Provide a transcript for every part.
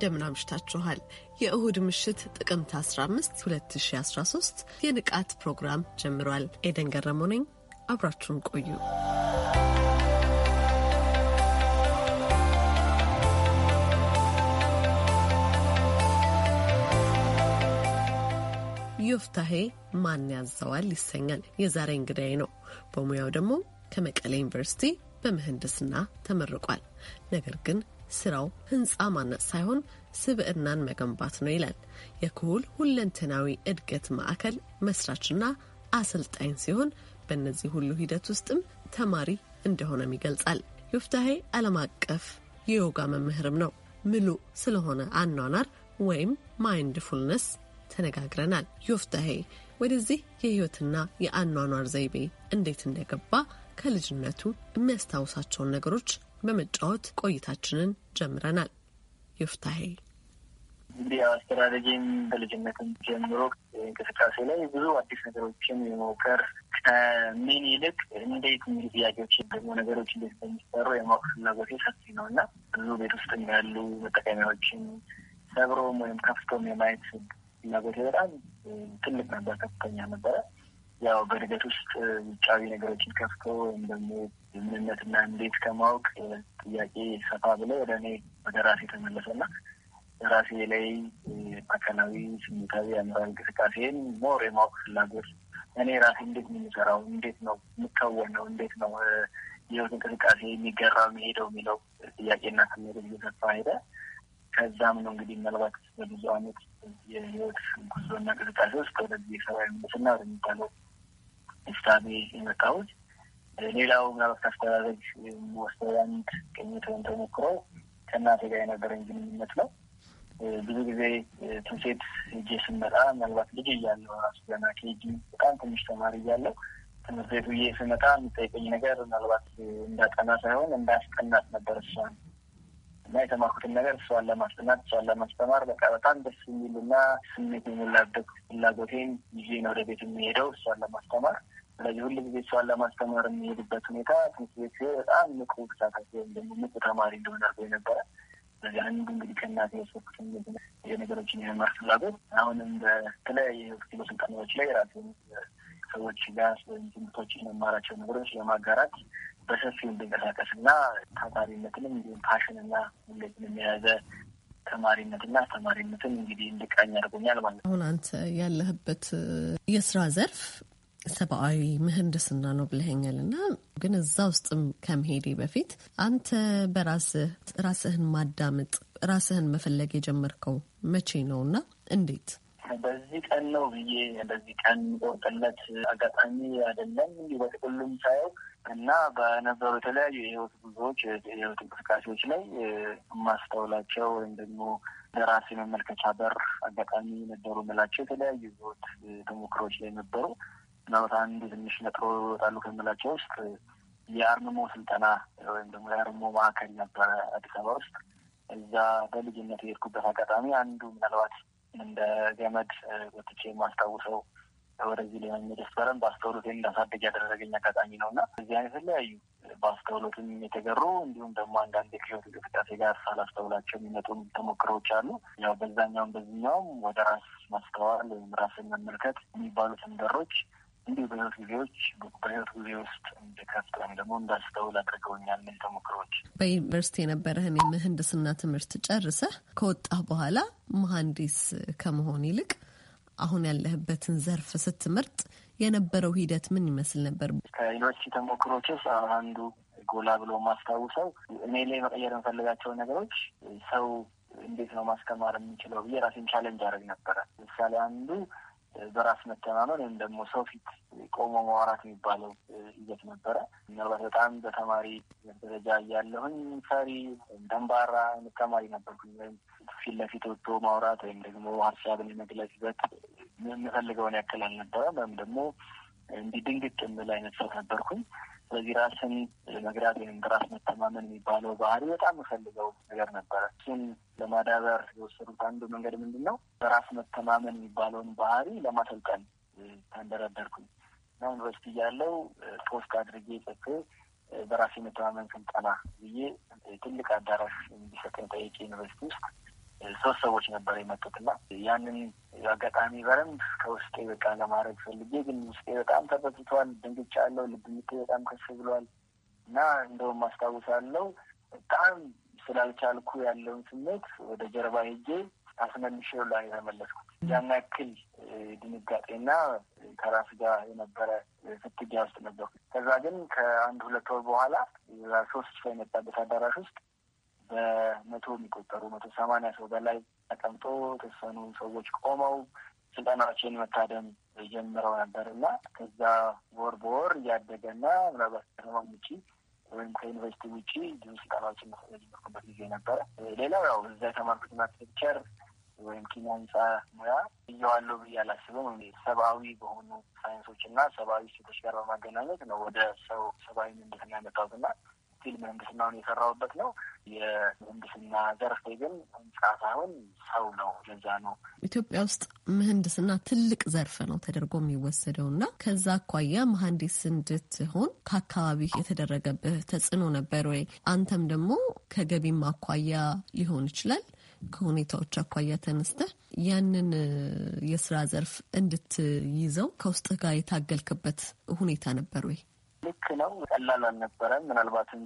እንደምን አምሽታችኋል። የእሁድ ምሽት ጥቅምት 15 2013 የንቃት ፕሮግራም ጀምሯል። ኤደን ገረሞ ነኝ። አብራችሁን ቆዩ። ዮፍታሄ ማን ያዘዋል ይሰኛል የዛሬ እንግዳዬ ነው። በሙያው ደግሞ ከመቀሌ ዩኒቨርሲቲ በምህንድስና ተመርቋል። ነገር ግን ስራው ህንፃ ማነጽ ሳይሆን ስብዕናን መገንባት ነው ይላል። የክሁል ሁለንተናዊ እድገት ማዕከል መስራችና አሰልጣኝ ሲሆን በእነዚህ ሁሉ ሂደት ውስጥም ተማሪ እንደሆነም ይገልጻል። ዮፍታሄ ዓለም አቀፍ የዮጋ መምህርም ነው። ምሉ ስለሆነ አኗኗር ወይም ማይንድፉልነስ ተነጋግረናል። ዮፍታሄ ወደዚህ የህይወትና የአኗኗር ዘይቤ እንዴት እንደገባ ከልጅነቱ የሚያስታውሳቸውን ነገሮች በመጫወት ቆይታችንን ጀምረናል። ይፍታሄ እንዲህ ያው አስተዳደጌም በልጅነትም ጀምሮ እንቅስቃሴ ላይ ብዙ አዲስ ነገሮችን የመውከር ከምን ይልቅ እንዴት እንግዲህ ጥያቄዎች ደግሞ ነገሮች እንዴት እንደሚሰሩ የማወቅ ፍላጎቴ ሰፊ ነው እና ብዙ ቤት ውስጥ ያሉ መጠቀሚያዎችን ሰብሮም ወይም ከፍቶም የማየት ፍላጎቴ በጣም ትልቅ ነበር፣ ከፍተኛ ነበረ። ያው በእድገት ውስጥ ውጫዊ ነገሮችን ከፍቶ ወይም ደግሞ ምንነትና እንዴት ከማወቅ ጥያቄ ሰፋ ብሎ ወደ እኔ ወደ ራሴ ተመለሰና ራሴ ላይ አካላዊ፣ ስሜታዊ፣ አእምራዊ እንቅስቃሴን ሞር የማወቅ ፍላጎት እኔ ራሴ እንዴት የምንሰራው የምሰራው፣ እንዴት ነው የምከወን ነው እንዴት ነው የህይወት እንቅስቃሴ የሚገራው የሚሄደው የሚለው ጥያቄና ስሜት እየሰፋ ሄደ። ከዛም ነው እንግዲህ ምናልባት በብዙ አመት የህይወት ጉዞና እንቅስቃሴ ውስጥ ወደዚህ የሰብአዊ ምህንድስና ወደሚባለው ፍጻሜ የመጣሁት። ሌላው ምናልባት ከአስተዳደግ ወስደው አንድ ቅኝት ወይም ተሞክሮ ከእናቴ ጋር የነበረኝ ግንኙነት ነው። ብዙ ጊዜ ትምሴት ሄጄ ስመጣ ምናልባት ልጅ እያለሁ ራሱ ገና ኬጂ በጣም ትንሽ ተማሪ እያለሁ ትምህርት ቤት ውዬ ስመጣ የምጠይቀኝ ነገር ምናልባት እንዳጠና ሳይሆን እንዳስጠናት ነበር እሷን እና የተማርኩትን ነገር እሷን ለማስተናት እሷን ለማስተማር በቃ በጣም ደስ የሚል እና ስሜት የሞላበት ፍላጎቴን ይዤ ነው ወደ ቤት የሚሄደው እሷን ለማስተማር። ስለዚህ ሁሉ ጊዜ እሷን ለማስተማር የሚሄድበት ሁኔታ ትምህርት ቤት ሲሆን በጣም ንቁ ተሳታፊ ወይም ደግሞ ንቁ ተማሪ እንደሆነ አድርጎ ነበረ። ስለዚህ አንዱ እንግዲህ ከእናት የወሰድኩት የነገሮችን የመማር ፍላጎት አሁንም በተለያየ ክፍሎ ስልጠናዎች ላይ ራሴን ሰዎች ጋር ወይም ትምህርቶች የመማራቸው ነገሮች ለማጋራት በሰፊው እንዲንቀሳቀስ እና ታታሪነትንም እንዲሁም ፓሽንና ሁለትንም የያዘ ተማሪነትና አስተማሪነትን እንግዲህ እንድቃኝ አድርጎኛል ማለት ነው። አሁን አንተ ያለህበት የስራ ዘርፍ ሰብአዊ ምህንድስና ነው ብለኸኛል እና ግን እዛ ውስጥም ከመሄዴ በፊት አንተ በራስህ ራስህን ማዳመጥ ራስህን መፈለግ የጀመርከው መቼ ነው እና እንዴት? በዚህ ቀን ነው ብዬ በዚህ ቀን ቆርጥለት አጋጣሚ አይደለም እንዲህ በጥቅሉም ሳየው እና በነበሩ የተለያዩ የህይወት ጉዞዎች፣ የህይወት እንቅስቃሴዎች ላይ የማስተውላቸው ወይም ደግሞ ለራሴ መመልከቻ በር አጋጣሚ ነበሩ የምላቸው የተለያዩ ህይወት ተሞክሮዎች ላይ ነበሩ። ምናልባት አንድ ትንሽ ነጥሮ ይወጣሉ ከምላቸው ውስጥ የአርምሞ ስልጠና ወይም ደግሞ የአርምሞ ማዕከል ነበረ አዲስ አበባ ውስጥ። እዛ በልጅነት የሄድኩበት አጋጣሚ አንዱ ምናልባት እንደ ገመድ ወጥቼ የማስታውሰው ወደዚህ ሊሆን ደስበረን በአስተውሎቴን እንዳሳደግ ያደረገኝ አጋጣሚ ነው እና እዚህ አይነት የተለያዩ በአስተውሎትም የተገሩ እንዲሁም ደግሞ አንዳንድ የክህሎት እንቅስቃሴ ጋር ሳላስተውላቸው የሚመጡ ተሞክሮዎች አሉ። ያው በዛኛውም በዚኛውም ወደ ራስ ማስተዋል ወይም ራስን መመልከት የሚባሉትን በሮች እንዲሁ በህይወት ጊዜዎች በህይወት ጊዜ ውስጥ እንድከፍት ወይም ደግሞ እንዳስተውል አድርገውኛል። ምን ተሞክሮዎች በዩኒቨርሲቲ የነበረህን የምህንድስና ትምህርት ጨርሰህ ከወጣህ በኋላ መሀንዲስ ከመሆን ይልቅ አሁን ያለህበትን ዘርፍ ስትመርጥ የነበረው ሂደት ምን ይመስል ነበር? ከዩኒቨርሲቲ ተሞክሮች ውስጥ አንዱ ጎላ ብሎ ማስታውሰው እኔ ላይ መቀየር የምፈልጋቸውን ነገሮች ሰው እንዴት ነው ማስተማር የምንችለው ብዬ ራሴን ቻለንጅ አደረግ ነበረ። ምሳሌ አንዱ በራስ መተማመን ወይም ደግሞ ሰው ፊት ቆሞ ማውራት የሚባለው ሂደት ነበረ። ምናልባት በጣም በተማሪ ደረጃ እያለሁኝ ፈሪ ደንባራ ተማሪ ነበርኩኝ። ወይም ፊት ለፊት ወጥቶ ማውራት ወይም ደግሞ ሀሳብን የመግለጽበት የምፈልገውን ያክል አልነበረም ወይም ደግሞ እንዲህ ድንግጥ የምል አይነት ሰው ነበርኩኝ። ስለዚህ ራስን መግራት ወይም በራስ መተማመን የሚባለው ባህሪ በጣም የምፈልገው ነገር ነበረ። እሱን ለማዳበር የወሰዱት አንዱ መንገድ ምንድን ነው? በራስ መተማመን የሚባለውን ባህሪ ለማሰልጠን ተንደረደርኩኝ እና ዩኒቨርሲቲ ያለው ፖስት አድርጌ ጽፌ በራሴ መተማመን ስልጠና ብዬ ትልቅ አዳራሽ እንዲሰጠኝ ጠይቄ ዩኒቨርሲቲ ውስጥ ሶስት ሰዎች ነበር የመጡት እና ያንን አጋጣሚ በረንድ ከውስጤ በቃ ለማድረግ ፈልጌ ግን ውስጤ በጣም ተበትቷል። ድንግጫ አለው። ልብ ምቴ በጣም ከስ ብሏል እና እንደውም አስታውሳለሁ በጣም ስላልቻልኩ ያለውን ስሜት ወደ ጀርባ ሄጄ አስመልሼው ላይ የተመለስኩት ያን ያክል ድንጋጤና ከራስ ጋር የነበረ ፍትጊያ ውስጥ ነበርኩ። ከዛ ግን ከአንድ ሁለት ወር በኋላ ሶስት ሰው የመጣበት አዳራሽ ውስጥ በመቶ የሚቆጠሩ መቶ ሰማንያ ሰው በላይ ተቀምጦ የተወሰኑ ሰዎች ቆመው ስልጠናዎችን መታደም ጀምረው ነበር እና ከዛ ወር በወር እያደገ እያደገና ምናልባት ከተማ ውጭ ወይም ከዩኒቨርሲቲ ውጭ ብዙ ስልጠናዎችን መጀመርኩበት ጊዜ ነበረ። ሌላው ያው እዛ የተማርኩት አርክቴክቸር ወይም ኪነ ህንፃ ሙያ እየዋለሁ ብዬ አላስብም። ሰብአዊ በሆኑ ሳይንሶች እና ሰብአዊ ሴቶች ጋር በማገናኘት ነው ወደ ሰው ሰብአዊ ምንድን ያመጣሁት እና ሲቪል ምህንድስናውን የሰራውበት ነው። የምህንድስና ዘርፌ ግን ህንጻ ሳይሆን ሰው ነው። ለዛ ነው ኢትዮጵያ ውስጥ ምህንድስና ትልቅ ዘርፍ ነው ተደርጎ የሚወሰደው እና ከዛ አኳያ መሀንዲስ እንድትሆን ከአካባቢ የተደረገብህ ተጽዕኖ ነበር ወይ? አንተም ደግሞ ከገቢም አኳያ ሊሆን ይችላል ከሁኔታዎች አኳያ ተነስተህ ያንን የስራ ዘርፍ እንድትይዘው ከውስጥ ጋር የታገልክበት ሁኔታ ነበር ወይ? ልክ ነው። ቀላል አልነበረም። ምናልባትም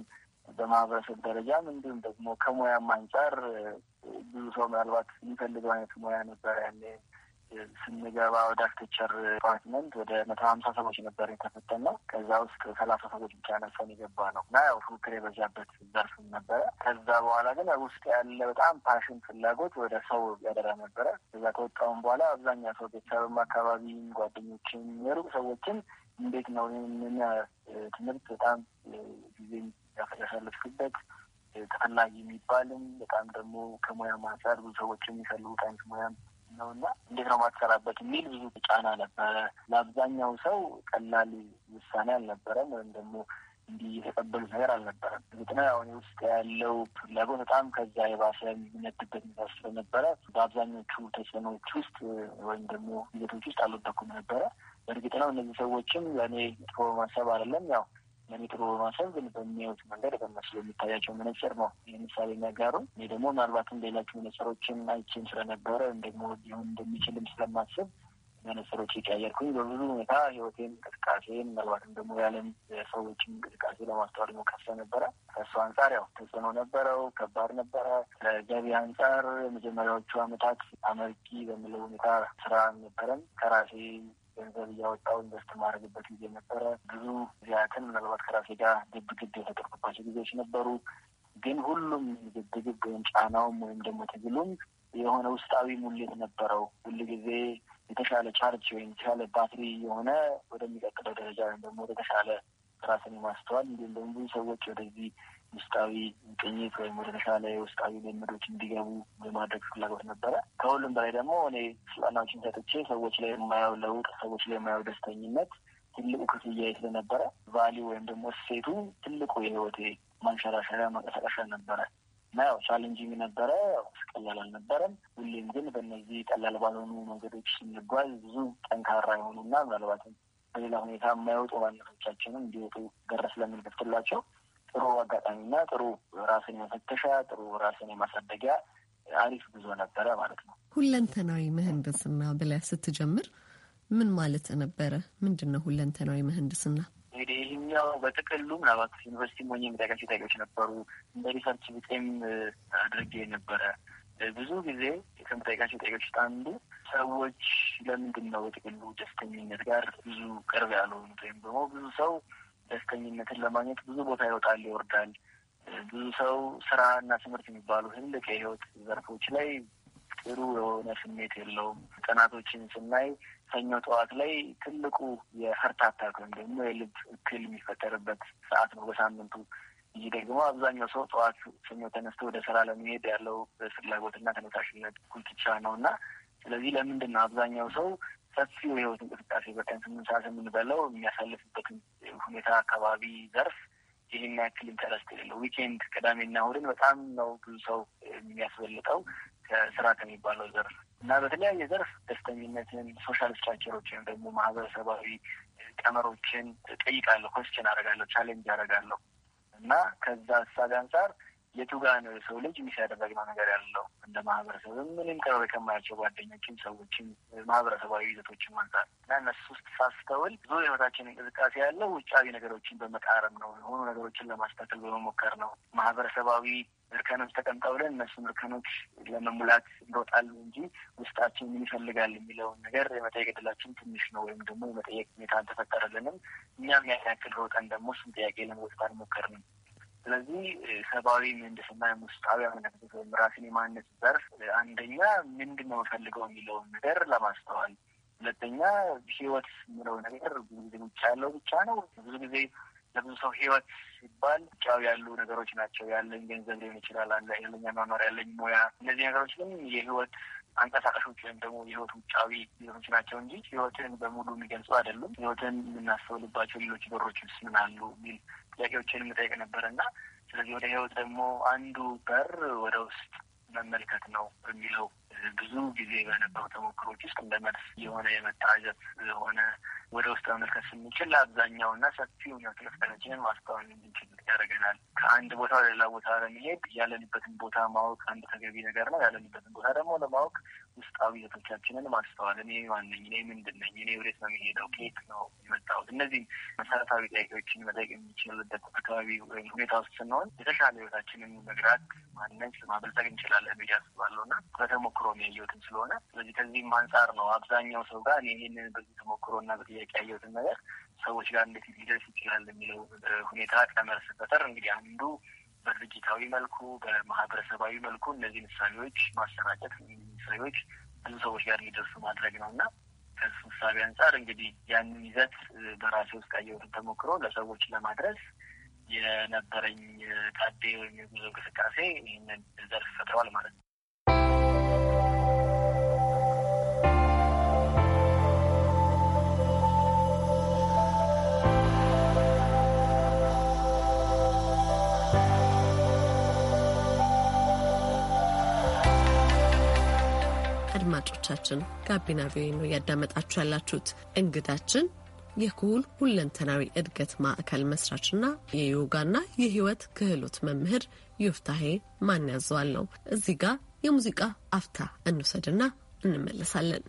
በማህበረሰብ ደረጃም እንዲሁም ደግሞ ከሙያም አንጻር ብዙ ሰው ምናልባት የሚፈልገው አይነት ሙያ ነበር ያኔ ስንገባ ወደ አርክቴክቸር ዲፓርትመንት ወደ መቶ ሀምሳ ሰዎች ነበር የተፈተን ነው። ከዛ ውስጥ ሰላሳ ሰዎች ብቻ ነፈን የገባ ነው እና ያው ፉክክር የበዛበት ዘርፍም ነበረ። ከዛ በኋላ ግን ውስጥ ያለ በጣም ፓሽን ፍላጎት ወደ ሰው ያደራ ነበረ። ከዛ ከወጣሁም በኋላ አብዛኛው ሰው ቤተሰብም፣ አካባቢም፣ ጓደኞችም የሩቅ ሰዎችን እንዴት ነው እኛ ትምህርት በጣም ጊዜ ያሳለፍክበት ተፈላጊ የሚባልም በጣም ደግሞ ከሙያ ማንሳር ብዙ ሰዎች የሚፈልጉት አይነት ሙያም ነው እና እንዴት ነው ማትሰራበት የሚል ብዙ ጫና ነበረ። ለአብዛኛው ሰው ቀላል ውሳኔ አልነበረም፣ ወይም ደግሞ እንዲህ የተቀበሉት ነገር አልነበረም። ግጥና አሁን ውስጥ ያለው ፍላጎት በጣም ከዛ የባሰ የሚነድበት ሚዛስ ስለነበረ በአብዛኞቹ ተጽዕኖዎች ውስጥ ወይም ደግሞ ሂደቶች ውስጥ አልወደኩም ነበረ። በእርግጥ ነው እነዚህ ሰዎችም ለእኔ ጥሩ በማሰብ አይደለም። ያው ለእኔ ጥሩ በማሰብ ግን በሚያዩት መንገድ በመስሉ የሚታያቸው መነጽር ነው ይህ ምሳሌ የሚያጋሩ። እኔ ደግሞ ምናልባትም ሌላቸው መነጽሮችን አይቼም ስለነበረ ወይም ደግሞ ሊሆን እንደሚችልም ስለማስብ መነጽሮች ይቀያየርኩኝ በብዙ ሁኔታ ህይወቴን እንቅስቃሴን ምናልባትም ደግሞ ያለን ሰዎችን እንቅስቃሴ ለማስተዋል ሞከር ነበረ ከእሱ አንጻር ያው ተጽዕኖ ነበረው። ከባድ ነበረ። ከገቢ አንጻር የመጀመሪያዎቹ አመታት አመርቂ በምለው ሁኔታ ስራ አልነበረም። ከራሴ ገንዘብ እያወጣው ኢንቨስት ማድረግበት ጊዜ ነበረ። ብዙ ጊዜያትን ምናልባት ከራሴ ጋር ግብ ግብ የፈጠርኩባቸው ጊዜዎች ነበሩ። ግን ሁሉም ግብ ግብ ወይም ጫናውም ወይም ደግሞ ትግሉም የሆነ ውስጣዊ ሙሌት ነበረው። ሁል ጊዜ የተሻለ ቻርጅ ወይም የተሻለ ባትሪ የሆነ ወደሚቀጥለው ደረጃ ወይም ደግሞ ወደ ተሻለ ራስን ማስተዋል እንዲሁም ደግሞ ብዙ ሰዎች ወደዚህ ውስጣዊ ቅኝት ወይም ወደ ተሻለ ውስጣዊ ልምዶች እንዲገቡ የማድረግ ፍላጎት ነበረ። ከሁሉም በላይ ደግሞ እኔ ስልጠናዎችን ሰጥቼ ሰዎች ላይ የማየው ለውጥ፣ ሰዎች ላይ የማየው ደስተኝነት ትልቁ ክፍያ ስለነበረ ቫሊዩ ወይም ደግሞ እሴቱ ትልቁ የህይወቴ ማንሸራሸሪያ መንቀሳቀሻ ነበረ እና ያው ቻሌንጂንግ ነበረ፣ ቀላል አልነበረም። ሁሌም ግን በእነዚህ ቀላል ባልሆኑ መንገዶች ስንጓዝ ብዙ ጠንካራ የሆኑና ምናልባትም በሌላ ሁኔታ የማይወጡ ማንነቶቻችንም እንዲወጡ በር ስለምንከፍትላቸው ጥሩ አጋጣሚና ጥሩ ራስን የመፈተሻ ጥሩ ራስን የማሳደጊያ አሪፍ ጉዞ ነበረ ማለት ነው። ሁለንተናዊ ምህንድስና ብለህ ስትጀምር ምን ማለት ነበረ? ምንድን ነው ሁለንተናዊ ምህንድስና? እንግዲህ ይህኛው በጥቅሉ ምናልባት ዩኒቨርሲቲ ሞኝ የሚጠቀሱ ጥያቄዎች ነበሩ። እንደ ሪሰርች ቢጤም አድርጌ ነበረ። ብዙ ጊዜ ከምጠይቃቸው ጠቂዎች ውስጥ አንዱ ሰዎች ለምንድን ነው በጥቅሉ ደስተኝነት ጋር ብዙ ቅርብ ያልሆኑት ወይም ደግሞ ብዙ ሰው ደስተኝነትን ለማግኘት ብዙ ቦታ ይወጣል ይወርዳል። ብዙ ሰው ስራ እና ትምህርት የሚባሉ ትልቅ የህይወት ዘርፎች ላይ ጥሩ የሆነ ስሜት የለውም። ጥናቶችን ስናይ ሰኞ ጠዋት ላይ ትልቁ የሀርት አታክ ወይም ደግሞ የልብ እክል የሚፈጠርበት ሰዓት ነው በሳምንቱ። ይህ ደግሞ አብዛኛው ሰው ጠዋት ሰኞ ተነስቶ ወደ ስራ ለመሄድ ያለው ፍላጎትና ተነሳሽነት ኩልትቻ ነው እና ስለዚህ ለምንድን ነው አብዛኛው ሰው ሰፊ የህይወት እንቅስቃሴ በቀን ስምንት ሰዓት የምንበላው የሚያሳልፍበትን ሁኔታ አካባቢ ዘርፍ ይህን ያክል ኢንተረስት የሌለው ዊኬንድ ቅዳሜና እሑድን በጣም ነው ብዙ ሰው የሚያስበልጠው ከስራ ከሚባለው ዘርፍ እና በተለያየ ዘርፍ ደስተኝነትን ሶሻል ስትራክቸሮች ወይም ደግሞ ማህበረሰባዊ ቀመሮችን ጠይቃለሁ፣ ኮስችን አደርጋለሁ፣ ቻሌንጅ አደርጋለሁ እና ከዛ እሳቤ አንጻር የቱ ጋ ነው የሰው ልጅ ሚስ ነው ነገር ያለው እንደ ማህበረሰብ ምንም ቅርብ ከማያቸው ጓደኞችም ሰዎችም ማህበረሰባዊ ይዘቶችም አንጻር እና እነሱ ውስጥ ሳስተውል ብዙ ህይወታችን እንቅስቃሴ ያለው ውጫዊ ነገሮችን በመቃረም ነው፣ የሆኑ ነገሮችን ለማስተካከል በመሞከር ነው። ማህበረሰባዊ እርከኖች ተቀምጠው ብለን እነሱም እርከኖች ለመሙላት እንሮጣሉ እንጂ ውስጣችን ምን ይፈልጋል የሚለውን ነገር የመጠየቅ ዕድላችን ትንሽ ነው፣ ወይም ደግሞ የመጠየቅ ሁኔታ አልተፈጠረልንም። እኛም ያን ያክል ሮጠን ደግሞ እሱን ጥያቄ ለመወጣት አልሞከርንም። ስለዚህ ሰብአዊ ምህንድስና ውስጣዊ አመለካከት ወይም ራስን የማነት ዘርፍ አንደኛ ምንድን ነው የምፈልገው የሚለውን ነገር ለማስተዋል፣ ሁለተኛ ህይወት የምለው ነገር ብዙ ጊዜ ውጭ ያለው ብቻ ነው። ብዙ ጊዜ ለብዙ ሰው ህይወት ሲባል ውጫዊ ያሉ ነገሮች ናቸው። ያለኝ ገንዘብ ሊሆን ይችላል፣ አለ ያለኝ አኗኗር፣ ያለኝ ሙያ። እነዚህ ነገሮች ግን የህይወት አንቀሳቃሾች ወይም ደግሞ የህይወት ውጫዊ ሊሆኖች ናቸው እንጂ ህይወትን በሙሉ የሚገልጹ አይደሉም። ህይወትን የምናስተውልባቸው ሌሎች በሮችስ ምን አሉ የሚል ጥያቄዎችን የምጠይቅ ነበር እና ስለዚህ ወደ ህይወት ደግሞ አንዱ በር ወደ ውስጥ መመልከት ነው የሚለው። ብዙ ጊዜ በነበሩ ተሞክሮች ውስጥ እንደ መልስ የሆነ የመታዘብ ሆነ ወደ ውስጥ መመልከት ስንችል አብዛኛውና ሰፊውን የሕይወት ክፍተታችንን ማስተዋል እንድንችል ያደርገናል። ከአንድ ቦታ ወደ ሌላ ቦታ ለመሄድ ያለንበትን ቦታ ማወቅ አንድ ተገቢ ነገር ነው። ያለንበትን ቦታ ደግሞ ለማወቅ ውስጣዊ ይዘቶቻችንን ማስተዋል፣ እኔ ማነኝ፣ እኔ ምንድን ነኝ፣ እኔ ወዴት ነው የሚሄደው፣ ከየት ነው የመጣሁት፣ እነዚህም መሰረታዊ ጥያቄዎችን መጠየቅ የሚችልበት አካባቢ ወይም ሁኔታ ውስጥ ስንሆን የተሻለ ህይወታችንን መግራት፣ ማነች ማበልጸግ እንችላለን ብዬ አስባለሁ እና በተሞክሮ ተሞክሮም ያየሁትም ስለሆነ ስለዚህ ከዚህም አንጻር ነው አብዛኛው ሰው ጋር ይህን በዚህ እና በጥያቄ ያየሁትን ነገር ሰዎች ጋር እንዴት ሊደርስ ይችላል የሚለው ሁኔታ ቀመር ስፈጠር እንግዲህ አንዱ በድርጅታዊ መልኩ በማህበረሰባዊ መልኩ እነዚህን ምሳሌዎች ማሰራጨት እሳቤዎች ብዙ ሰዎች ጋር ሊደርሱ ማድረግ ነው እና ከሱ ምሳሌ አንጻር እንግዲህ ያንን ይዘት በራሴ ውስጥ ያየሁትን ተሞክሮ ለሰዎች ለማድረስ የነበረኝ ታዴ ወይም የጉዞ እንቅስቃሴ ይህንን ዘርፍ ፈጥረዋል ማለት ነው። አድማጮቻችን ጋቢና ቪ ነው እያዳመጣችሁ ያላችሁት። እንግዳችን የኩል ሁለንተናዊ እድገት ማዕከል መስራችና የዮጋና የህይወት ክህሎት መምህር ዮፍታሄ ማን ያዘዋል ነው። እዚህ ጋር የሙዚቃ አፍታ እንውሰድና እንመለሳለን።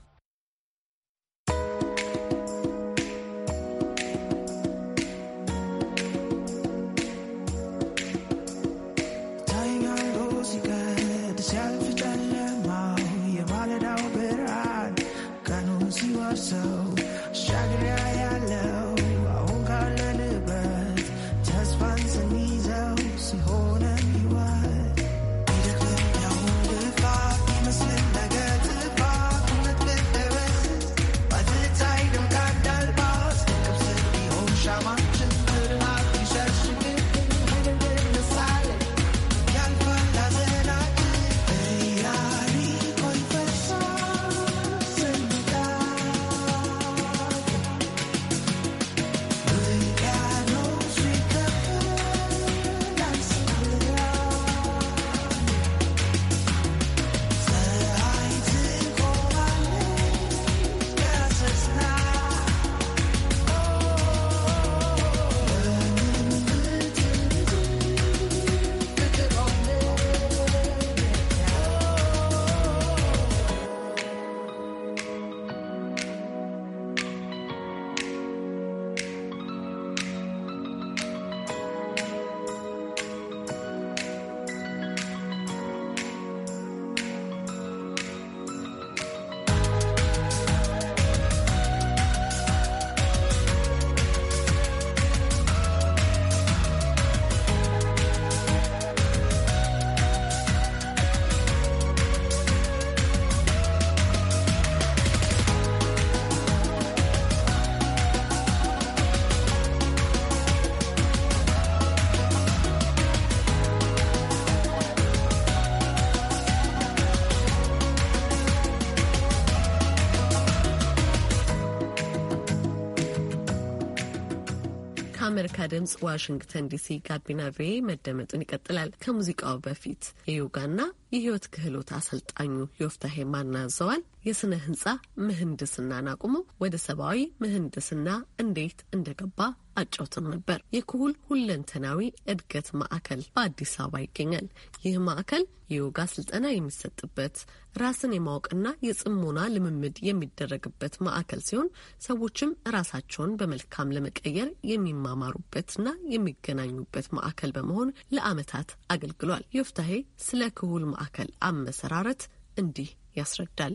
ከአሜሪካ ድምፅ ዋሽንግተን ዲሲ ጋቢና ቪኦኤ መደመጡን ይቀጥላል። ከሙዚቃው በፊት የዮጋና የህይወት ክህሎት አሰልጣኙ ዮፍታሄ ማናዘዋል የስነ ህንጻ ምህንድስናን አቁሞ ወደ ሰብአዊ ምህንድስና እንዴት እንደገባ አጫውትም ነበር። የክሁል ሁለንተናዊ እድገት ማዕከል በአዲስ አበባ ይገኛል። ይህ ማዕከል የዮጋ ስልጠና የሚሰጥበት ራስን የማወቅና የጽሞና ልምምድ የሚደረግበት ማዕከል ሲሆን ሰዎችም ራሳቸውን በመልካም ለመቀየር የሚማማሩበትና የሚገናኙበት ማዕከል በመሆን ለአመታት አገልግሏል። ዮፍታሄ ስለ ክሁል ማዕከል አመሰራረት እንዲህ ያስረዳል።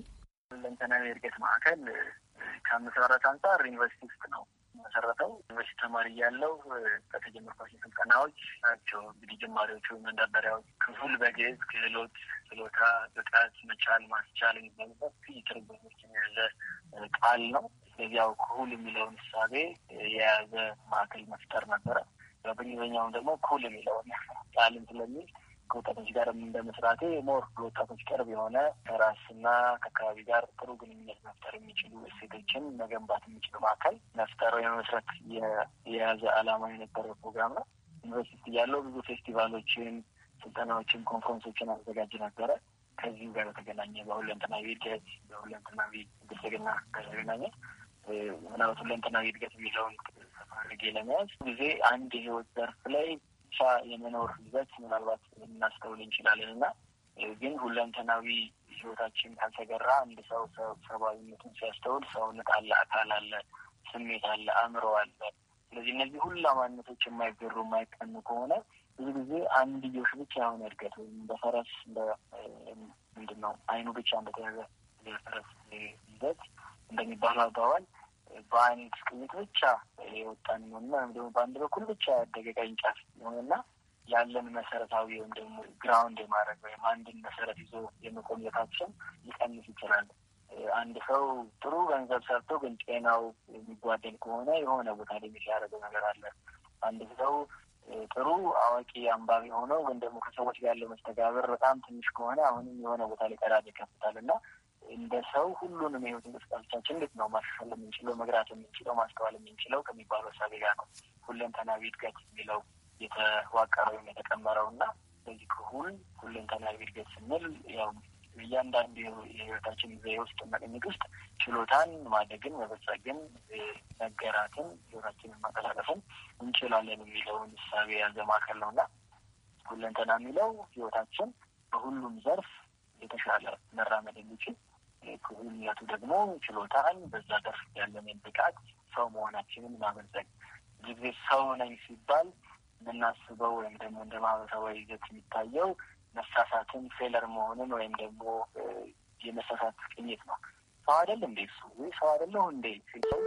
ሁለንተናዊ እድገት ማዕከል ከአመሰራረት አንጻር ዩኒቨርሲቲ ውስጥ ነው መሰረተው። ዩኒቨርሲቲ ተማሪ ያለው ከተጀመርኳቸው ስልጠናዎች ናቸው። እንግዲህ ጀማሪዎቹ መንደርደሪያዎች ክፍል በግዕዝ ክህሎት፣ ችሎታ፣ ብቃት፣ መቻል፣ ማስቻል የሚባሉበት ትርጉሞች የያዘ ቃል ነው። ስለዚያው ክሁል የሚለውን እሳቤ የያዘ ማዕከል መፍጠር ነበረ። በእንግሊዝኛውም ደግሞ ኩል የሚለውን ቃልን ስለሚል ከወጣቶች ጋርም እንደመስራቴ ሞር ለወጣቶች ቅርብ የሆነ ከራስና ከአካባቢ ጋር ጥሩ ግንኙነት መፍጠር የሚችሉ እሴቶችን መገንባት የሚችሉ ማዕከል መፍጠር ወይም መስረት የያዘ ዓላማ የነበረ ፕሮግራም ነው። ዩኒቨርሲቲ ያለው ብዙ ፌስቲቫሎችን፣ ስልጠናዎችን፣ ኮንፈረንሶችን አዘጋጅ ነበረ። ከዚሁ ጋር በተገናኘ በሁለንተናዊ እድገት በሁለንተናዊ ብልጽግና ጋር ተገናኘ ምናልባት ሁለንተናዊ እድገት የሚለውን ሰፋ አድርጌ ለመያዝ ጊዜ አንድ የህይወት ዘርፍ ላይ ብቻ የመኖር ይዘት ምናልባት ልናስተውል እንችላለን እና ግን ሁለንተናዊ ህይወታችን ካልተገራ አንድ ሰው ሰብአዊነቱን ሲያስተውል ሰውነት አለ፣ አካል አለ፣ ስሜት አለ፣ አእምሮ አለ። ስለዚህ እነዚህ ሁላ ማንነቶች የማይገሩ የማይቀኑ ከሆነ ብዙ ጊዜ አንድዮሽ ብቻ የሆነ እድገት ወይም በፈረስ ምንድን ነው አይኑ ብቻ እንደተያዘ የፈረስ ይዘት እንደሚባለው አባባል በአንድ ቅኝት ብቻ የወጣን ነውና ወይም ደግሞ በአንድ በኩል ብቻ ያደገ ቅርንጫፍ ነውና ያለን መሰረታዊ ወይም ደግሞ ግራውንድ የማድረግ ወይም አንድን መሰረት ይዞ የመቆየታችን ሊቀንስ ይችላል። አንድ ሰው ጥሩ ገንዘብ ሰርቶ ግን ጤናው የሚጓደል ከሆነ የሆነ ቦታ ላይ የሚያደርገው ነገር አለ። አንድ ሰው ጥሩ አዋቂ አንባቢ ሆነው ግን ደግሞ ከሰዎች ጋር ያለው መስተጋብር በጣም ትንሽ ከሆነ አሁንም የሆነ ቦታ ላይ ቀዳዳ ይከፍታል እና እንደ ሰው ሁሉንም የህይወት እንቅስቃሴዎቻችን እንዴት ነው ማሻሻል የምንችለው መግራት የምንችለው ማስተዋል የምንችለው ከሚባለው እሳቤ ጋር ነው ሁለንተናዊ እድገት የሚለው የተዋቀረው ወይም የተቀመረው እና በዚህ ከሁል ሁለንተናዊ እድገት ስንል ያው እያንዳንዱ የህይወታችን ዘ ውስጥ መቅኝት ውስጥ ችሎታን ማደግን፣ መበጸግን፣ መገራትን፣ ህይወታችንን ማቀላጠፍን እንችላለን የሚለውን እሳቤ ያዘ ማዕከል ነው እና ሁለንተና የሚለው ህይወታችን በሁሉም ዘርፍ የተሻለ መራመድ የሚችል ክሁንነቱ ደግሞ ችሎታን በዛ ዘርፍ ያለንን ብቃት ሰው መሆናችንን ማበልጸግ ጊዜ ሰው ነኝ ሲባል የምናስበው ወይም ደግሞ እንደ ማህበረሰባዊ ይዘት የሚታየው መሳሳትን፣ ፌለር መሆንን ወይም ደግሞ የመሳሳት ቅኝት ነው። ሰው አይደል እንዴ እሱ ሰው አይደለሁ እንዴ ሲሰው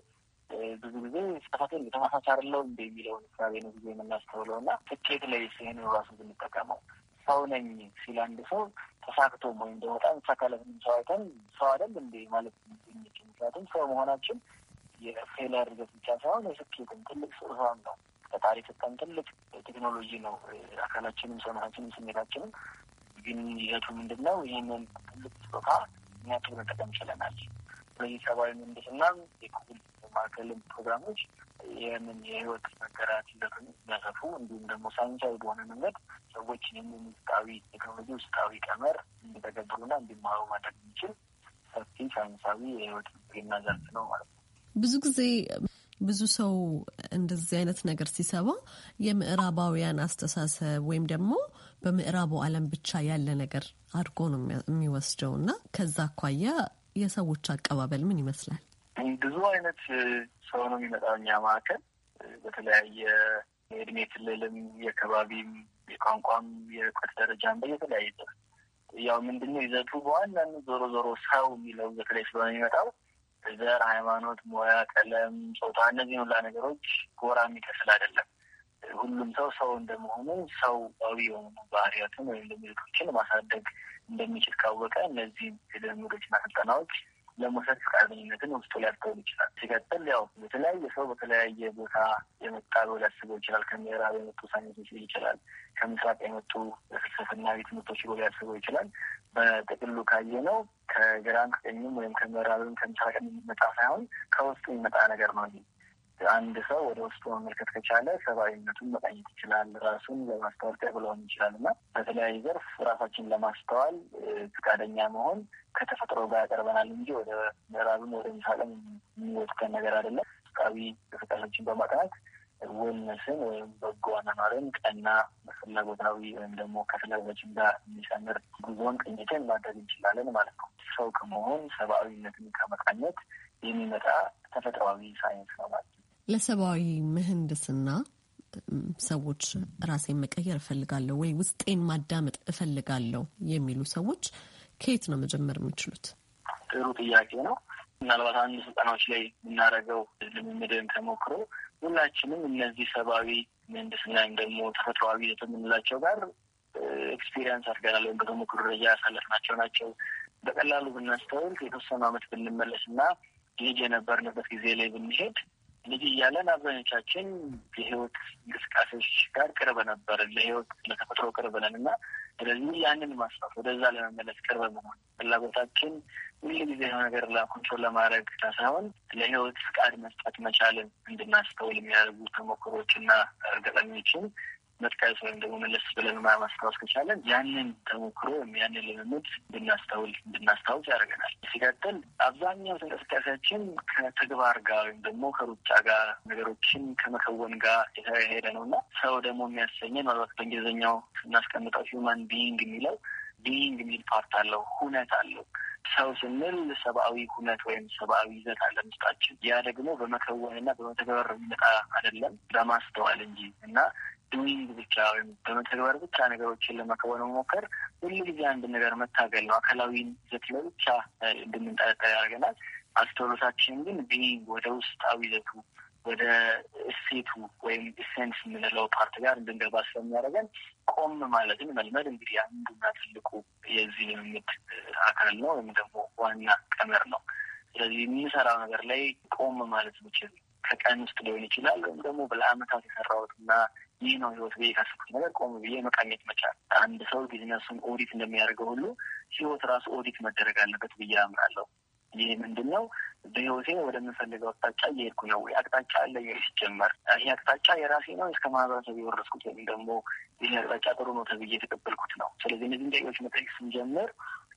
ብዙ ጊዜ ስህተቴን ተመሳሳይ አይደለሁ እንዴ የሚለውን ሳቤ ነው ጊዜ የምናስተውለው እና ስኬት ላይ ሲሄን ራሱ ብንጠቀመው ሰው ነኝ ሲል አንድ ሰው ተሳክቶም ወይም ደግሞ በጣም የተሳካለትንም ሰው አይተን ሰው አይደል እንዴ ማለት የሚችል ምክንያቱም ሰው መሆናችን የፌለር ርገት ብቻ ሳይሆን የስኬትም ትልቅ ስርሆን ነው። ፈጣሪ ሰጠን ትልቅ ቴክኖሎጂ ነው። አካላችንም ሰማችንም ስሜታችንም ግን ይዘቱ ምንድን ነው? ይህንን ትልቅ ስጦታ እኛ መጠቀም ችለናል። ስለዚህ ሰብአዊ ምንድስና የኩል ማዕከልም ፕሮግራሞች ይህንን የህይወት መገራት ሂደቱን እንዲሁም ደግሞ ሳይንሳዊ በሆነ መንገድ ሰዎች ይህንን ውስጣዊ ቴክኖሎጂ ውስጣዊ ቀመር እንዲተገብሩና እንዲማሩ ማድረግ የሚችል ሰፊ ሳይንሳዊ የህይወት ምግና ዘርፍ ነው ማለት ነው። ብዙ ጊዜ ብዙ ሰው እንደዚህ አይነት ነገር ሲሰባ የምዕራባውያን አስተሳሰብ ወይም ደግሞ በምዕራቡ ዓለም ብቻ ያለ ነገር አድርጎ ነው የሚወስደው እና ከዛ አኳያ የሰዎች አቀባበል ምን ይመስላል? ብዙ አይነት ሰው ነው የሚመጣው እኛ ማዕከል በተለያየ የእድሜ ክልልም የከባቢም የቋንቋም የእውቀት ደረጃም በየተለያየ ያው ምንድነው ይዘቱ በዋናነት ዞሮ ዞሮ ሰው የሚለው በተለይ ስለሆነ የሚመጣው ዘር፣ ሃይማኖት፣ ሙያ፣ ቀለም፣ ጾታ እነዚህ ሁላ ነገሮች ጎራ የሚከፍል አይደለም። ሁሉም ሰው ሰው እንደመሆኑ ሰዋዊ የሆኑ ባህሪያትን ወይም ልምዶችን ማሳደግ እንደሚችል ካወቀ እነዚህ ልምዶችና ስልጠናዎች ለመውሰድ ፈቃደኝነትን ውስጡ ሊያስተውል ይችላል። ሲቀጥል ያው በተለያየ ሰው በተለያየ ቦታ የመጣ ብሎ ሊያስበው ይችላል። ከምዕራብ የመጡ ሳይንሶች ሊ ይችላል። ከምስራቅ የመጡ ፍልስፍና ቤት ትምህርቶች ብሎ ሊያስበው ይችላል። በጥቅሉ ካየ ነው ከግራም ከቀኝም ወይም ከምዕራብም ከምስራቅ የሚመጣ ሳይሆን ከውስጡ የሚመጣ ነገር ነው። አንድ ሰው ወደ ውስጡ መመልከት ከቻለ ሰብአዊነቱን መቃኘት ይችላል። ራሱን ለማስተዋል ተብለውን ይችላል እና በተለያዩ ዘርፍ ራሳችን ለማስተዋል ፍቃደኛ መሆን ከተፈጥሮ ጋር ያቀርበናል እንጂ ወደ ምዕራብም ወደ ምስራቅም የሚወስደን ነገር አይደለም። ፍቃዊ ፍቃዶችን በማቅናት ወልነስን ወይም በጎ አኗኗርን ቀና ፍላጎታዊ ወይም ደግሞ ከፍላጎታችን ጋር የሚሰምር ጉዞን ቅኝትን ማድረግ እንችላለን ማለት ነው። ሰው ከመሆን ሰብአዊነትን ከመቃኘት የሚመጣ ተፈጥሯዊ ሳይንስ ነው ማለት ነው። ለሰብአዊ ምህንድስና ሰዎች ራሴን መቀየር እፈልጋለሁ ወይ ውስጤን ማዳመጥ እፈልጋለሁ የሚሉ ሰዎች ከየት ነው መጀመር የሚችሉት? ጥሩ ጥያቄ ነው። ምናልባት አንድ ስልጠናዎች ላይ የምናደርገው ልምምድን ተሞክሮ ሁላችንም እነዚህ ሰብአዊ ምህንድስና ወይም ደግሞ ተፈጥሯዊ የምንላቸው ጋር ኤክስፒሪየንስ አድርገናል ወይም በተሞክሮ ደረጃ ያሳለፍናቸው ናቸው። በቀላሉ ብናስተውል የተወሰኑ ዓመት ብንመለስ እና ልጅ የነበርንበት ጊዜ ላይ ብንሄድ ልጅ እያለን አብዛኞቻችን የህይወት እንቅስቃሴዎች ጋር ቅርብ ነበርን፣ ለህይወት ለተፈጥሮ ቅርብ ነን እና ስለዚህ ያንን ማስፋት ወደዛ ለመመለስ ቅርብ መሆን ፍላጎታችን ሁሉ ጊዜ የሆነ ነገር ኮንትሮል ለማድረግ ሳይሆን ለህይወት ፍቃድ መስጠት መቻልን እንድናስተውል የሚያደርጉ ተሞክሮች እና ገጠመኞችን መጥቀስ ወይም ደግሞ መለስ ብለን ማስታወስ ከቻለን ያንን ተሞክሮ ወይም ያንን ልምምድ እንድናስተውል እንድናስታውስ ያደርገናል። ሲቀጥል አብዛኛው ተንቀሳቃሲያችን ከተግባር ጋር ወይም ደግሞ ከሩጫ ጋር ነገሮችን ከመከወን ጋር የተሄደ ነው እና ሰው ደግሞ የሚያሰኘን ምናልባት በእንግሊዝኛው ስናስቀምጠው ሂውማን ቢይንግ የሚለው ቢይንግ የሚል ፓርት አለው፣ ሁነት አለው። ሰው ስንል ሰብአዊ ሁነት ወይም ሰብአዊ ይዘት አለ ምስጣችን። ያ ደግሞ በመከወንና በመተግበር የሚመጣ አይደለም፣ በማስተዋል እንጂ እና ዱይንግ ብቻ ወይም በመተግበር ብቻ ነገሮችን ለመከወን መሞከር ሁሉ ጊዜ አንድ ነገር መታገል ነው። አካላዊ ይዘት ላይ ብቻ እንድንጠረጠር ያደርገናል። አስተውሎታችን ግን ቢይንግ ወደ ውስጣዊ ይዘቱ ወደ እሴቱ ወይም ኢሴንስ የምንለው ፓርት ጋር እንድንገባ ስለሚያደርገን ቆም ማለትን መልመድ እንግዲህ አንዱና ትልቁ የዚህ ልምምድ አካል ነው ወይም ደግሞ ዋና ቀመር ነው። ስለዚህ የምንሰራው ነገር ላይ ቆም ማለት ምችል ከቀን ውስጥ ሊሆን ይችላል ወይም ደግሞ ለአመታት የሰራሁትና ይህ ነው ህይወት ብዬ ካሰብኩት ነገር ቆም ብዬ መቃኘት መቻል። አንድ ሰው ቢዝነሱን ኦዲት እንደሚያደርገው ሁሉ ህይወት ራሱ ኦዲት መደረግ አለበት ብዬ አምራለሁ። ይህ ምንድን ነው? በህይወቴ ወደምፈልገው አቅጣጫ እየሄድኩ ነው ወይ? አቅጣጫ አለ ሲጀመር፣ ይህ አቅጣጫ የራሴ ነው እስከ ማህበረሰብ የወረስኩት ወይም ደግሞ ይህ አቅጣጫ ጥሩ ነው ተብዬ የተቀበልኩት ነው። ስለዚህ እነዚህን ጥያቄዎች መጠየቅ ስንጀምር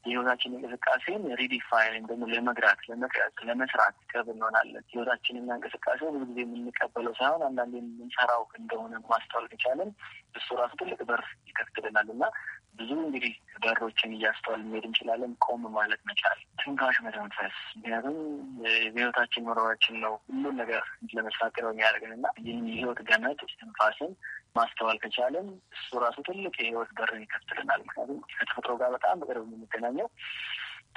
የህይወታችን እንቅስቃሴን ሪዲፋይን ደግሞ ለመግራት ለመቅረጽ ለመስራት ቅርብ እንሆናለን። ህይወታችንና እንቅስቃሴ ብዙ ጊዜ የምንቀበለው ሳይሆን አንዳንዴ የምንሰራው እንደሆነ ማስተዋል ከቻለን እሱ ራሱ ትልቅ በር ይከፍትልናል እና ብዙ እንግዲህ በሮችን እያስተዋል መሄድ እንችላለን። ቆም ማለት መቻል፣ ትንፋሽ መተንፈስ፣ ምክንያቱም የህይወታችን መኖራችን ነው ሁሉን ነገር ለመስራት ነው የሚያደርግን እና ይህን የህይወት ገመድ ትንፋስን ማስተዋል ከቻለን እሱ ራሱ ትልቅ የህይወት በርን ይከፍትልናል። ምክንያቱም ከተፈጥሮ ጋር በጣም በቅርብ የምንገናኘው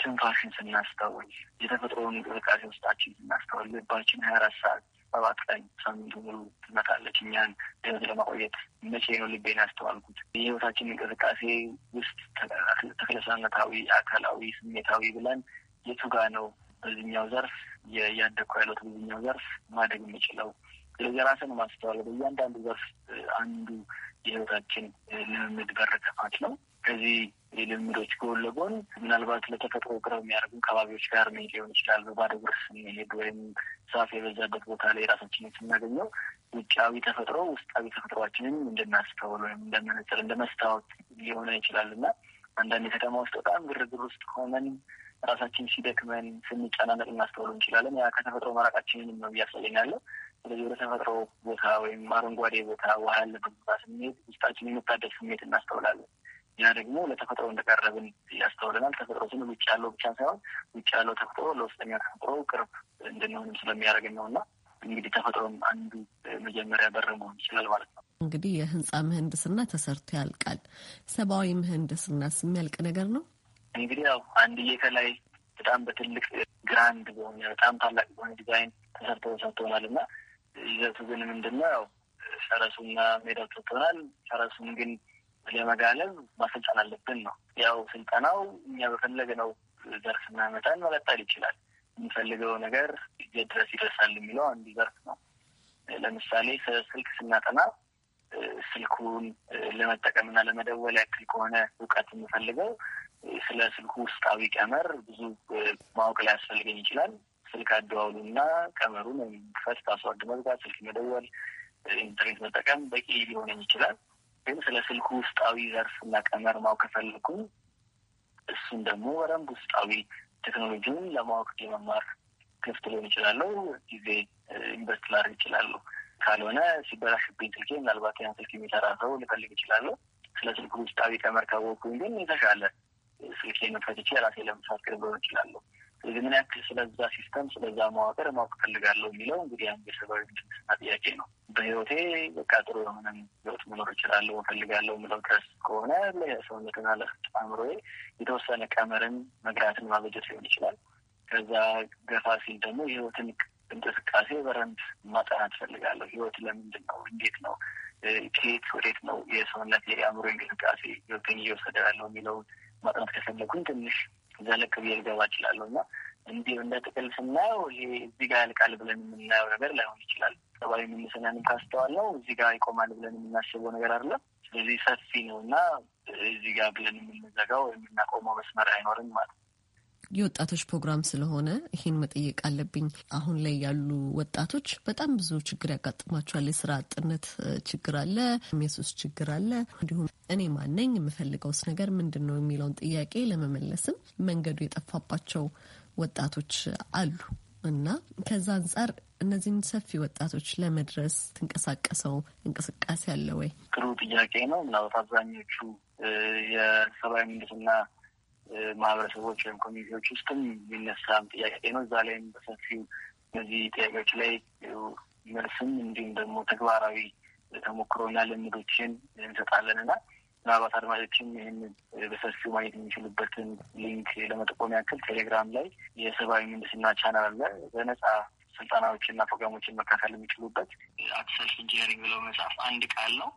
ትንፋሽን ስናስተውል፣ የተፈጥሮን እንቅስቃሴ ውስጣችን ስናስተውል ልባችን ሀያ አራት ሰዓት ሰባት ቀን ሳምንቱ ሙሉ ትመታለች እኛን ህይወት ለማቆየት። መቼ ነው ልቤን ያስተዋልኩት? የህይወታችን እንቅስቃሴ ውስጥ ተክለሰውነታዊ፣ አካላዊ፣ ስሜታዊ ብለን የቱ ጋ ነው በዚህኛው ዘርፍ ያደግኩ ያለት በዚህኛው ዘርፍ ማደግ የምችለው? ስለዚህ ራስን ማስተዋል በእያንዳንዱ ዘርፍ አንዱ የህይወታችን ልምምድ በር ከፋች ነው። ከዚህ የልምዶች ጎን ለጎን ምናልባት ለተፈጥሮ ቅርብ የሚያደርጉ ከባቢዎች ጋር መሄድ ሊሆን ይችላል። በባዶ እግር ስንሄድ ወይም ዛፍ የበዛበት ቦታ ላይ ራሳችን ስናገኘው ውጫዊ ተፈጥሮ ውስጣዊ ተፈጥሯችንን እንድናስተውል ወይም እንደመነጽር እንደመስታወት ሊሆነ ይችላል እና አንዳንድ የከተማ ውስጥ በጣም ግርግር ውስጥ ሆነን ራሳችን ሲደክመን ስንጨናነቅ እናስተውሉ እንችላለን። ያ ከተፈጥሮ መራቃችንንም ነው እያሳየኛለሁ። ስለዚህ ወደ ተፈጥሮ ቦታ ወይም አረንጓዴ ቦታ፣ ውሃ ያለበት ቦታ ስንሄድ ውስጣችን የመታደል ስሜት እናስተውላለን። ያ ደግሞ ለተፈጥሮ እንደቀረብን ያስተውለናል። ተፈጥሮ ስን ውጭ ያለው ብቻ ሳይሆን ውጭ ያለው ተፈጥሮ ለውስጠኛ ተፈጥሮ ቅርብ እንድንሆንም ስለሚያደርግን ነው እና እንግዲህ ተፈጥሮም አንዱ መጀመሪያ በር መሆን ይችላል ማለት ነው። እንግዲህ የህንፃ ምህንድስና ተሰርቶ ያልቃል። ሰብአዊ ምህንድስና የሚያልቅ ነገር ነው? እንግዲህ ያው አንድዬ ከላይ በጣም በትልቅ ግራንድ በሆነ በጣም ታላቅ በሆነ ዲዛይን ተሰርቶ ሰርቶናል እና ይዘቱ ግን ምንድነው ያው ፈረሱና ሜዳው ሰርቶናል። ፈረሱን ግን ለመጋለብ ማሰልጠን አለብን ነው። ያው ስልጠናው እኛ በፈለግነው ዘርፍና መጠን መቀጠል ይችላል። የምንፈልገው ነገር የት ድረስ ይደርሳል የሚለው አንዱ ዘርፍ ነው። ለምሳሌ ስልክ ስናጠና ስልኩን ለመጠቀምና ለመደወል ያክል ከሆነ እውቀት የምፈልገው ስለ ስልኩ ውስጣዊ ቀመር ብዙ ማወቅ ላይ ያስፈልገኝ ይችላል። ስልክ አደዋውሉና ቀመሩን ፈስ ፓስዋርድ መዝጋት፣ ስልክ መደወል፣ ኢንተርኔት መጠቀም በቂ ሊሆነኝ ይችላል። ግን ስለ ስልኩ ውስጣዊ ዘርፍ እና ቀመር ማወቅ ከፈለኩ እሱን ደግሞ በደንብ ውስጣዊ ቴክኖሎጂውን ለማወቅ የመማር ክፍት ሊሆን ይችላለሁ። ጊዜ ኢንቨስት ላደርግ ይችላሉ። ካልሆነ ሲበላሽብኝ ስልኬ ምናልባት ያን ስልክ የሚሰራ ሰው ልፈልግ ይችላለሁ። ስለ ስልኩ ውስጣዊ ቀመር ካወቅኩኝ ግን የተሻለ ስልኬን ፈትቼ ራሴ ለመስራት ቅርብ ሊሆን ይችላለሁ። ስለዚህ ምን ያክል ስለዛ ሲስተም ስለዛ መዋቅር ማወቅ ፈልጋለሁ የሚለው እንግዲህ አንድ የሰብአዊ መብትና ጥያቄ ነው። በህይወቴ በቃ ጥሩ የሆነ ህይወት መኖር እችላለሁ ፈልጋለሁ የሚለው ድረስ ከሆነ ለሰውነትና ለፍጥ ለአእምሮዬ የተወሰነ ቀመርን መግራትን ማበጀት ሊሆን ይችላል። ከዛ ገፋ ሲል ደግሞ የህይወትን እንቅስቃሴ በረንድ ማጠናት ፈልጋለሁ። ህይወት ለምንድን ነው? እንዴት ነው? ከየት ወዴት ነው የሰውነት የአእምሮ እንቅስቃሴ ህይወትን እየወሰደ ያለው የሚለውን ማጥናት ከፈለጉኝ ትንሽ ዘለቅ ብዬ ልገባ እችላለሁ እና እንዲህ እንደ ጥቅል ስናየው ይሄ እዚህ ጋር ያልቃል ብለን የምናየው ነገር ላይሆን ይችላል። ሰብአዊ ምንስናንም ካስተዋልነው እዚህ ጋር ይቆማል ብለን የምናስበው ነገር አይደለም። ስለዚህ ሰፊ ነው እና እዚህ ጋር ብለን የምንዘጋው የምናቆመው መስመር አይኖርም ማለት ነው። የወጣቶች ፕሮግራም ስለሆነ ይህን መጠየቅ አለብኝ። አሁን ላይ ያሉ ወጣቶች በጣም ብዙ ችግር ያጋጥማቸዋል። የስራ አጥነት ችግር አለ፣ የሱስ ችግር አለ። እንዲሁም እኔ ማነኝ የምፈልገውስ ነገር ምንድን ነው የሚለውን ጥያቄ ለመመለስም መንገዱ የጠፋባቸው ወጣቶች አሉ እና ከዛ አንጻር እነዚህን ሰፊ ወጣቶች ለመድረስ ትንቀሳቀሰው እንቅስቃሴ አለ ወይ? ጥሩ ጥያቄ ነው ምናልባት አብዛኞቹ የሰብአዊ ምንድና ማህበረሰቦች ወይም ኮሚኒቲዎች ውስጥም የሚነሳም ጥያቄ ነው። እዛ ላይም በሰፊው እነዚህ ጥያቄዎች ላይ መልስም እንዲሁም ደግሞ ተግባራዊ ተሞክሮና ልምዶችን እንሰጣለን እና ምናልባት አድማጮችም ይህን በሰፊው ማየት የሚችሉበትን ሊንክ ለመጠቆም ያክል ቴሌግራም ላይ የሰብአዊ ምህንድስና ቻናል አለ። በነጻ ስልጠናዎችና ፕሮግራሞችን መካፈል የሚችሉበት አክሰስ ኢንጂነሪንግ ብለው መጽሐፍ አንድ ቃል ነው።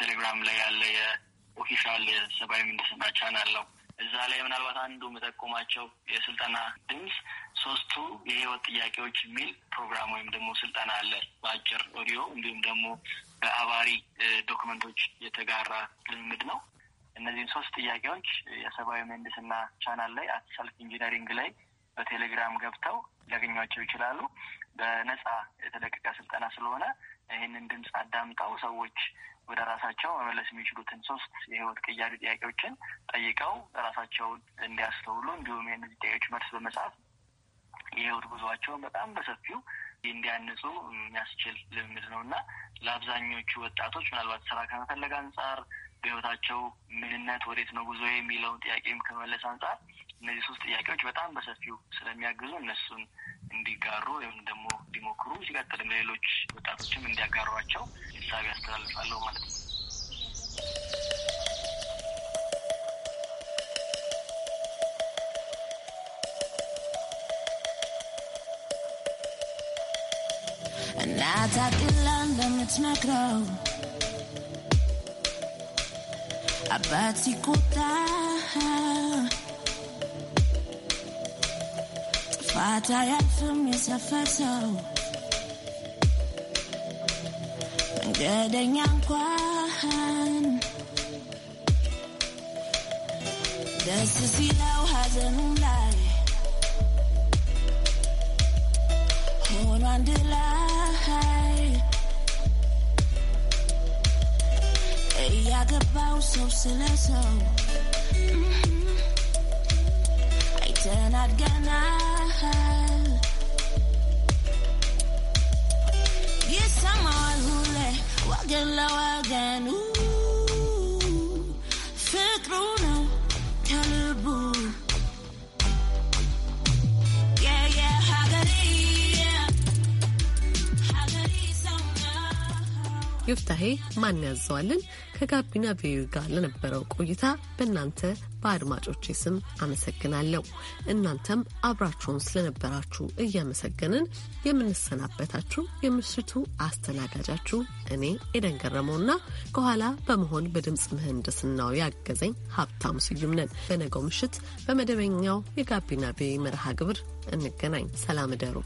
ቴሌግራም ላይ ያለ የኦፊሻል የሰብአዊ ምህንድስና ቻናል ነው። እዛ ላይ ምናልባት አንዱ የምጠቁማቸው የስልጠና ድምፅ ሶስቱ የህይወት ጥያቄዎች የሚል ፕሮግራም ወይም ደግሞ ስልጠና አለ በአጭር ኦዲዮ እንዲሁም ደግሞ በአባሪ ዶክመንቶች የተጋራ ልምምድ ነው። እነዚህም ሶስት ጥያቄዎች የሰብአዊ ምህንድስና ቻናል ላይ አትሰልፍ ኢንጂነሪንግ ላይ በቴሌግራም ገብተው ሊያገኟቸው ይችላሉ። በነጻ የተለቀቀ ስልጠና ስለሆነ ይህንን ድምፅ አዳምጠው ሰዎች ወደ ራሳቸው መመለስ የሚችሉትን ሶስት የህይወት ቅያሪ ጥያቄዎችን ጠይቀው ራሳቸውን እንዲያስተውሉ እንዲሁም የእነዚህ ጥያቄዎች መልስ በመጻፍ የህይወት ጉዞቸውን በጣም በሰፊው እንዲያንጹ የሚያስችል ልምምድ ነው እና ለአብዛኞቹ ወጣቶች ምናልባት ስራ ከመፈለግ አንጻር በህይወታቸው ምንነት ወዴት ነው ጉዞ የሚለውን ጥያቄም ከመለስ አንጻር እነዚህ ሶስት ጥያቄዎች በጣም በሰፊው ስለሚያግዙ እነሱን እንዲጋሩ ወይም ደግሞ እንዲሞክሩ ሲቀጥልም ለሌሎች ወጣቶችም እንዲያጋሯቸው እሳቤ ያስተላልፋለሁ ማለት ነው። እናታቅላ እንደምትመክረው አባት ሲቆጣ ጥፋት አያልፍም የሰፈር Dadanyang kwahan Da su silaw hazanong lay Hunwan dilay Eya gabaw so silaso mm-hmm. Ay ይፍታሄ ማን ያዘዋልን ከጋቢና ቪዩ ጋር ለነበረው ቆይታ በእናንተ በአድማጮች ስም አመሰግናለሁ። እናንተም አብራችሁን ስለነበራችሁ እያመሰገንን የምንሰናበታችሁ የምሽቱ አስተናጋጃችሁ እኔ ኤደን ገረመውና ከኋላ በመሆን በድምፅ ምህንድስናው ያገዘኝ ሀብታሙ ስዩም ነን። በነገው ምሽት በመደበኛው የጋቢና ቪዮ መርሃ ግብር እንገናኝ። ሰላም እደሩ።